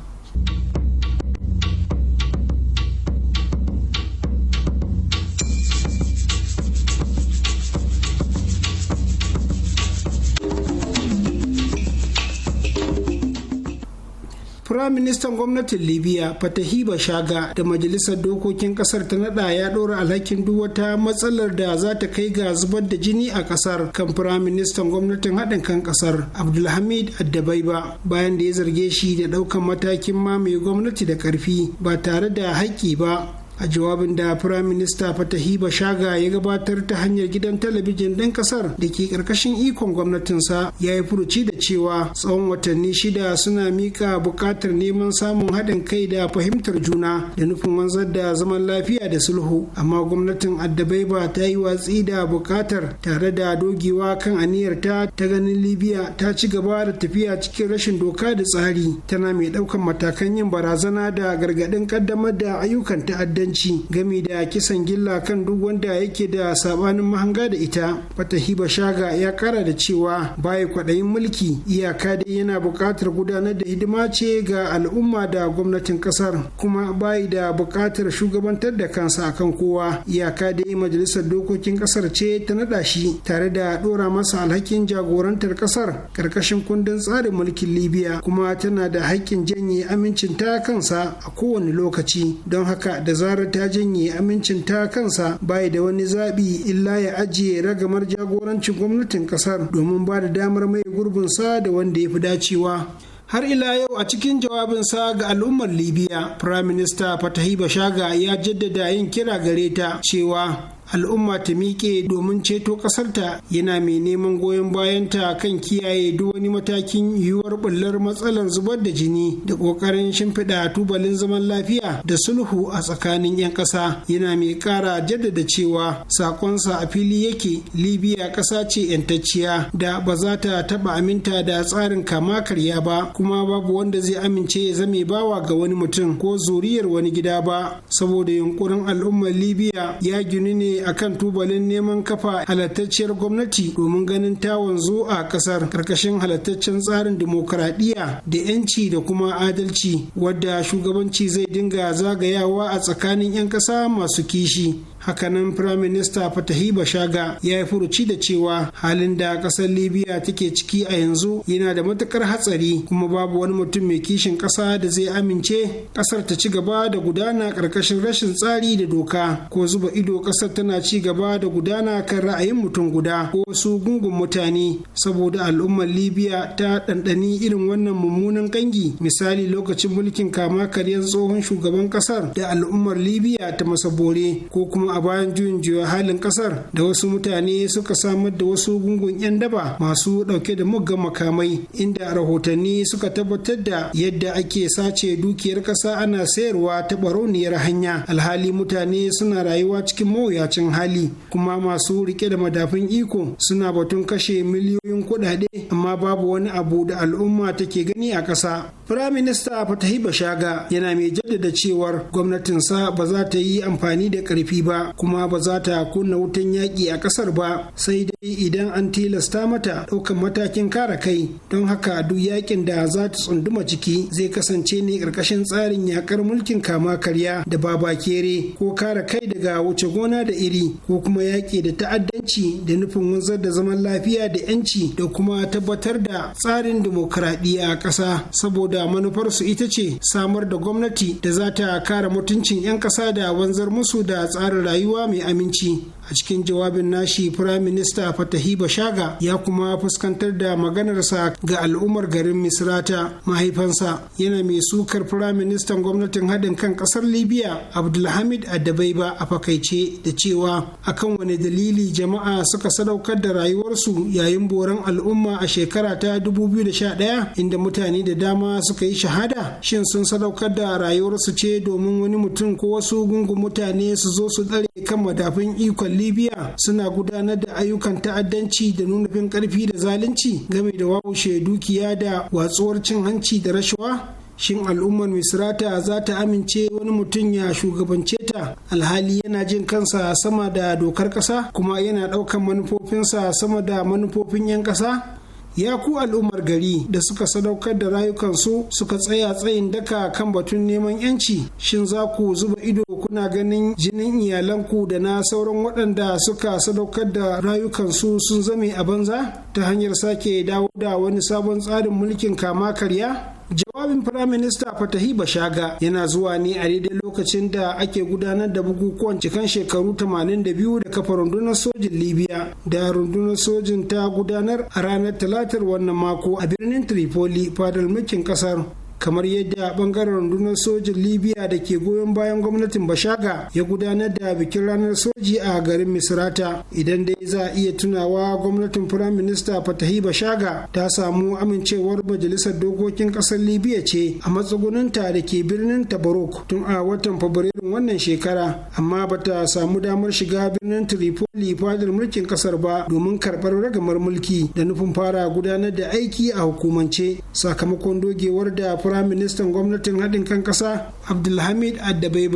Firaministan gwamnatin Libya Fatahi Bashaga da Majalisar Dokokin Kasar ta nada ya ɗora alhakin duk wata matsalar da za ta kai ga zubar da jini a kasar kan Firaministan gwamnatin haɗin kan kasar Abdulhamid Addabaiba bayan da ya zarge shi da ɗaukan matakin mamaye gwamnati da ƙarfi ba tare da haƙƙi ba a jawabin da firayim minista fatahi bashaga ya gabatar ta hanyar gidan talabijin ɗan ƙasar da ke ƙarƙashin ikon gwamnatinsa ya yi furuci da cewa tsawon watanni shida suna miƙa buƙatar neman samun haɗin kai da fahimtar juna da nufin wanzar da zaman lafiya da sulhu amma gwamnatin addabaiba ta yi watsi da buƙatar tare da dogewa kan aniyar ta ta ganin libya ta ci gaba da tafiya cikin rashin doka da tsari tana mai ɗaukan matakan yin barazana da gargaɗin ƙaddamar da ayyukan ta'addar ta'addanci gami da kisan gilla kan duk wanda yake da sabanin mahanga da ita hiba shaga ya kara da cewa baya kwaɗayin mulki iyaka dai yana buƙatar gudanar da hidima ce ga al'umma da gwamnatin ƙasar kuma bayi da buƙatar shugabantar da kansa akan kowa iyaka dai majalisar dokokin ƙasar ce ta naɗa shi tare da ɗora masa alhakin jagorantar ƙasar ƙarƙashin kundin tsarin mulkin libya kuma tana da haƙƙin janye amincin ta kansa a kowane lokaci don haka da zara ƙasar ta janye amincin ta kansa bai da wani zaɓi illa ya ajiye ragamar jagorancin gwamnatin ƙasar domin ba da damar mai gurbinsa da wanda ya fi dacewa. har ila yau a cikin jawabinsa ga al'ummar libya prime minister fatahi bashaga ya jaddada yin kira gare ta cewa al'umma ta miƙe domin ceto ƙasarta yana mai neman goyon bayanta kan kiyaye duk wani matakin yiwuwar bullar matsalar zubar da jini da ƙoƙarin shimfiɗa tubalin zaman lafiya da sulhu a tsakanin 'yan ƙasa yana mai ƙara jaddada cewa sakonsa a fili yake libya ƙasa ce 'yantacciya da ba za ta taɓa aminta da tsarin kama karya ba kuma babu wanda zai amince ya zame bawa ga wani mutum ko zuriyar wani gida ba saboda yunkurin al'ummar libya ya gini ne akan tubalin neman kafa halattacciyar gwamnati domin ganin ta wanzu a kasar karkashin halattaccen tsarin dimokuraɗiyya da 'yanci da kuma adalci wadda shugabanci zai dinga zagayawa a tsakanin 'yan kasa masu kishi hakanan firaminista fatahi bashaga ya yi furuci da cewa halin da kasar libya take ciki a yanzu yana da matukar hatsari kuma babu wani mutum mai kishin kasa da zai amince ƙasar ta ci gaba da gudana ƙarƙashin rashin tsari da doka ko zuba ido ƙasar tana ci gaba da gudana kan ra'ayin mutum guda ko wasu gungun mutane saboda al'ummar libya ta ɗanɗani irin wannan mummunan ƙangi misali lokacin mulkin kama karyar tsohon shugaban ƙasar da al'ummar libya ta masabore ko kuma a bayan juyin juya halin kasar da wasu mutane suka samar da wasu gungun 'yan daba masu dauke da muggan makamai inda rahotanni suka tabbatar da yadda ake sace dukiyar kasa ana sayarwa ta barauniyar hanya alhali mutane suna rayuwa cikin mawuyacin hali kuma masu rike da madafin iko suna batun kashe miliyoyin kuɗaɗe amma babu wani abu da al'umma take gani a ƙasa firaminista fatahi bashaga yana mai jaddada cewar gwamnatinsa ba za ta yi amfani da ƙarfi ba kuma ba za ta kunna wutan yaƙi a ƙasar ba sai dai idan an tilasta mata ɗaukan matakin kare kai don haka duk yaƙin da za ta tsunduma ciki zai kasance ne ƙarƙashin tsarin yaƙar mulkin kama karya da babakere ko kare kai daga wuce gona da iri ko kuma yaƙi da ta'addanci da nufin wanzar da zaman lafiya da 'yanci da kuma tabbatar da tsarin dimokuraɗiyya a ƙasa saboda manufarsu ita ce samar da gwamnati da za ta kare mutuncin 'yan ƙasa da wanzar musu da tsarin rayuwa mai aminci a cikin jawabin nashi firayim minista fatahi bashaga ya kuma fuskantar da maganarsa ga al'ummar garin misrata mahaifansa yana mai sukar firayim ministan gwamnatin haɗin kan ƙasar libya abdulhamid adabaiba a fakaice da cewa akan wani dalili jama'a suka sadaukar da rayuwarsu yayin boran al'umma a shekara ta 2011 inda mutane da dama suka yi shahada shin sun sadaukar da rayuwarsu ce domin wani mutum ko wasu gungun mutane su zo su tsare kan madafin ikon libya suna gudanar da ayyukan ta'addanci da nuna fin karfi da zalunci game da wawushe dukiya da watsuwar cin hanci da rashawa shin al'ummar misrata za ta amince wani mutum ya shugabance ta alhali yana jin kansa sama da dokar ƙasa kuma yana ɗaukan manufofinsa sama da manufofin 'yan ƙasa ya ku al'ummar gari da suka sadaukar da rayukansu suka tsaya tsayin daka kan batun neman yanci shin za ku zuba ido kuna ganin jinin iyalanku da na sauran waɗanda suka sadaukar da rayukansu sun zame a banza ta hanyar sake dawo da wani sabon tsarin mulkin kama karya Jawabin Firaminista Fatahi Bashaga yana zuwa ne a daidai lokacin da ake gudanar da bukukuwan cikan shekaru 82 da kafa rundunar sojin Libya da rundunar sojin ta gudanar a ranar talatar wannan mako a birnin Tripoli fadar mulkin kasar. kamar yadda bangaren rundunar sojin libya da ke goyon bayan gwamnatin bashaga ya gudanar da bikin ranar soji a garin misrata idan dai za a iya tunawa gwamnatin firaminista fatahi bashaga ta samu amincewar majalisar dokokin kasar libya ce a matsuguninta da ke birnin tabarok tun a watan fabrairun wannan shekara amma ba ta samu damar shiga birnin tripoli fadar mulkin kasar ba domin karɓar ragamar mulki da nufin fara gudanar da aiki a hukumance sakamakon dogewar da firaministan gwamnatin haɗin kan ƙasa abdulhamid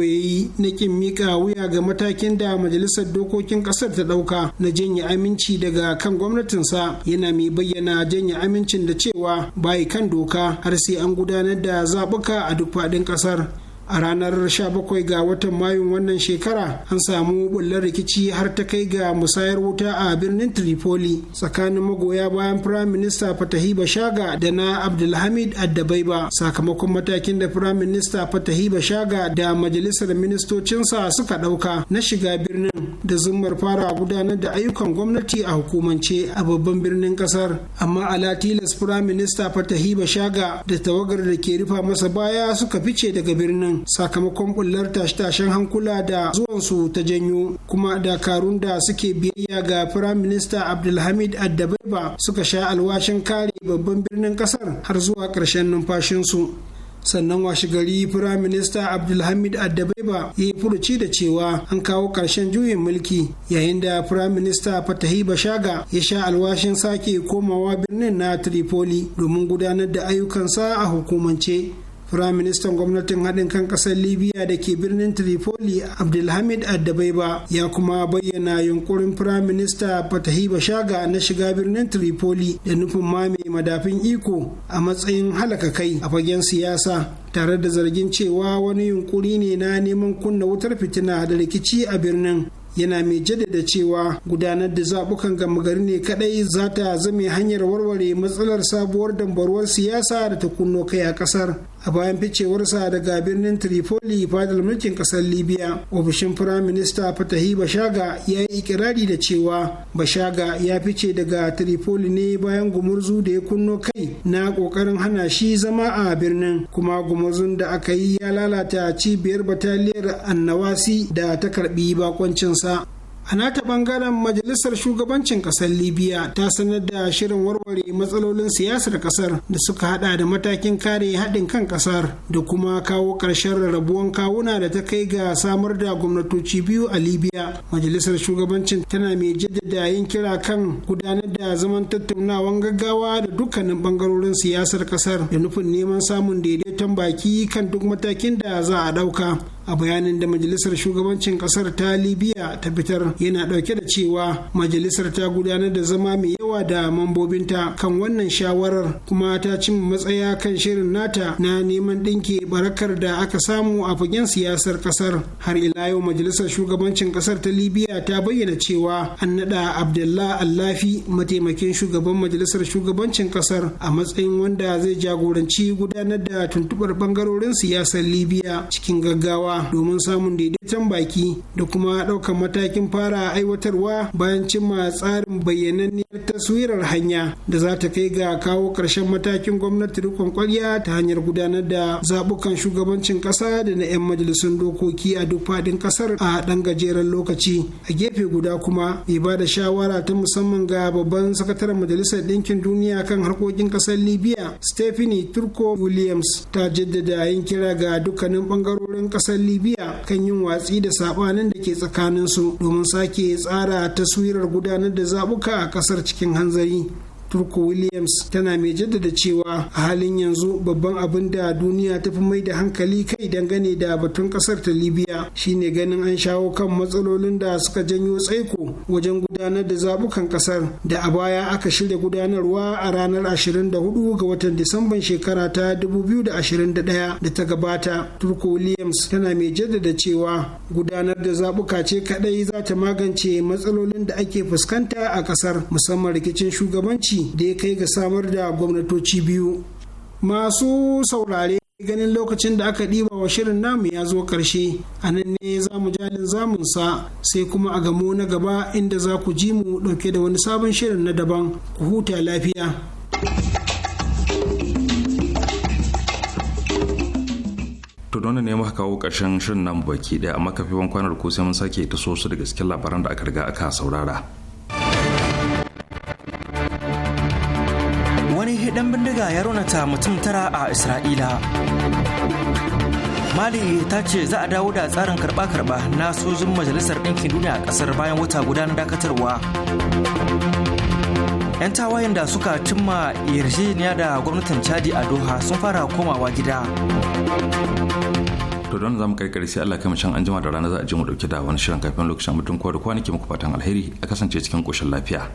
yi na ƙin miƙa wuya ga matakin da majalisar dokokin ƙasar ta ɗauka na janye aminci daga kan gwamnatinsa yana mai bayyana janye amincin da cewa bayi kan doka har sai an gudanar da zaɓuka a duk faɗin ƙasar a ranar 17 ga watan mayun wannan shekara an samu bullar rikici har ta kai ga musayar wuta a birnin tripoli tsakanin magoya bayan firayim minista fatahi bashaga da na abdulhamid addabaiba sakamakon matakin da firayim minista fatahi bashaga da majalisar ministocinsa suka ɗauka na shiga birnin da zummar fara gudanar da ayyukan gwamnati a hukumance a babban birnin kasar amma ala tilas firayim minista fatahi bashaga da tawagar da ke rufa masa baya suka fice daga birnin birnin sakamakon bullar tashe-tashen hankula da zuwansu ta janyo kuma dakarun da suke biyayya ga firayim minista abdulhamid addabaiba suka sha alwashin kare babban birnin kasar har zuwa ƙarshen numfashinsu sannan washegari firayim minista abdulhamid addabaiba ya yi furuci da cewa an kawo karshen juyin mulki yayin da firayim minista fatahi bashaga ya sha alwashin sake komawa birnin na tripoli domin gudanar da ayyukansa a hukumance Firaministan gwamnatin haɗin kan ƙasar Libya da ke birnin Tripoli Abdulhamid Addabaiba ya kuma bayyana yunkurin Firaminista Fatahi Bashaga na shiga birnin Tripoli da nufin mame madafin iko a matsayin halaka kai a fagen siyasa tare da zargin cewa wani yunkuri ne na neman kunna wutar fitina da rikici a birnin yana mai jaddada cewa gudanar da zaɓukan gama gari ne kaɗai za ta zame hanyar warware matsalar sabuwar dambaruwar siyasa da ta kunno kai a ƙasar a bayan ficewarsa daga birnin tripoli fadar mulkin kasar libya ofishin firayim minista fatahi bashaga ya yi ikirari da cewa bashaga ya fice daga tripoli ne bayan gumurzu da ya kunno kai na kokarin hana shi zama a birnin kuma gumurzun da aka yi ya lalata cibiyar bataliyar annawasi da ta karbi bakoncinsa a nata bangaren majalisar shugabancin kasar libya ta sanar da shirin warware matsalolin siyasar kasar da suka hada da matakin kare haɗin kan kasar da kuma kawo ƙarshen rarrabuwan kawuna da ta kai ga samar da gwamnatoci biyu a libya majalisar shugabancin tana mai jaddada yin kira kan gudanar da zaman tattaunawan gaggawa da dukkanin bangarorin siyasar kasar da nufin neman samun daidaiton baki kan duk matakin da za a ɗauka a bayanin da majalisar shugabancin kasar ta libya ta fitar yana dauke da cewa majalisar ta gudanar da zama mai yawa da mambobinta kan wannan shawarar kuma ta cimma matsaya kan shirin nata na neman ɗinke barakar da aka samu a fagen siyasar kasar har ila yau majalisar shugabancin kasar ta libya ta bayyana cewa an nada abdullah allafi mataimakin shugaban majalisar shugabancin kasar a matsayin wanda zai jagoranci gudanar da tuntubar bangarorin siyasar libya cikin gaggawa domin samun daidaiton baki da kuma ɗaukar matakin fara aiwatarwa bayan cimma tsarin bayyananniyar taswirar hanya da za ta kai ga kawo ƙarshen matakin gwamnati rikon kwarya ta hanyar gudanar da zaɓukan shugabancin ƙasa da na 'yan majalisun dokoki a duk faɗin ƙasar a ɗan gajeren lokaci a gefe guda kuma mai ba da shawara ta musamman ga babban sakataren majalisar ɗinkin duniya kan harkokin ƙasar libya stephanie turko williams ta jaddada yin kira ga dukkanin ɓangarorin ƙasar libya kan yin watsi da sabanin da ke tsakanin su domin sake tsara taswirar gudanar da zabuka a kasar cikin hanzari turku williams tana mai jaddada cewa a halin yanzu babban abin da duniya ta fi mai da hankali kai dangane da batun kasar ta libya shine ganin an shawo kan matsalolin da suka janyo tsaiko wajen gudanar da zabukan kasar da a baya aka shirya gudanarwa a ranar 24 ga watan disamban shekara ta 2021 da ta gabata turku williams tana mai jaddada cewa gudanar da zabuka ce kadai za ta magance matsalolin da ake fuskanta a kasar musamman rikicin shugabanci da ya kai ga samar da gwamnatoci biyu masu saurare ganin lokacin da aka ɗiba wa shirin namu ya zo ƙarshe a nan ne za mu jalin zamunsa sai kuma a gamo na gaba inda za ku ji mu ɗauke da wani sabon shirin na daban ku huta lafiya to don ne muka kawo ƙarshen shirin namu baki ɗaya amma kafin kwanar ku sai mun sake ta so su da gaske labaran da aka riga aka saurara jikkata mutum tara a isra'ila mali ta ce za a dawo da tsarin karba-karba na sojin majalisar ɗinkin duniya a ƙasar bayan wata guda na dakatarwa 'yan tawayen da suka cimma yarjejeniya da gwamnatin chadi a doha sun fara komawa gida to don zamu karkare sai Allah kai can anjima da rana za a ji mu dauke da wani shirin kafin lokacin mutum kowa da kwanaki muku fatan alheri a kasance cikin koshin lafiya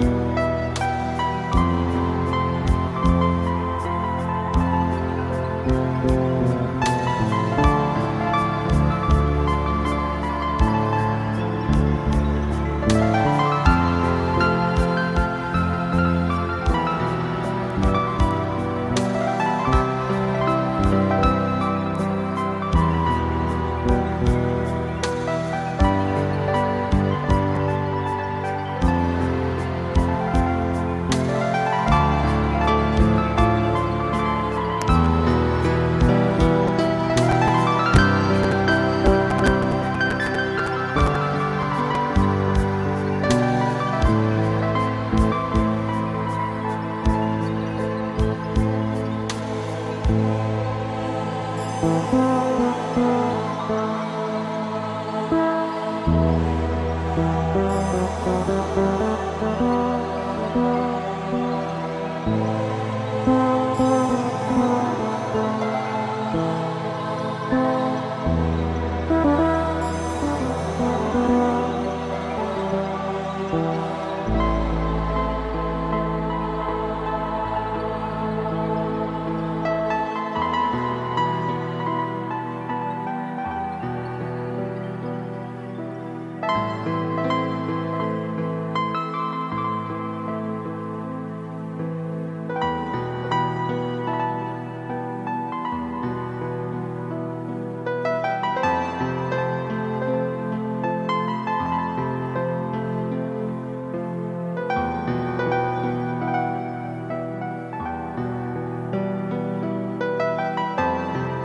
Thank you.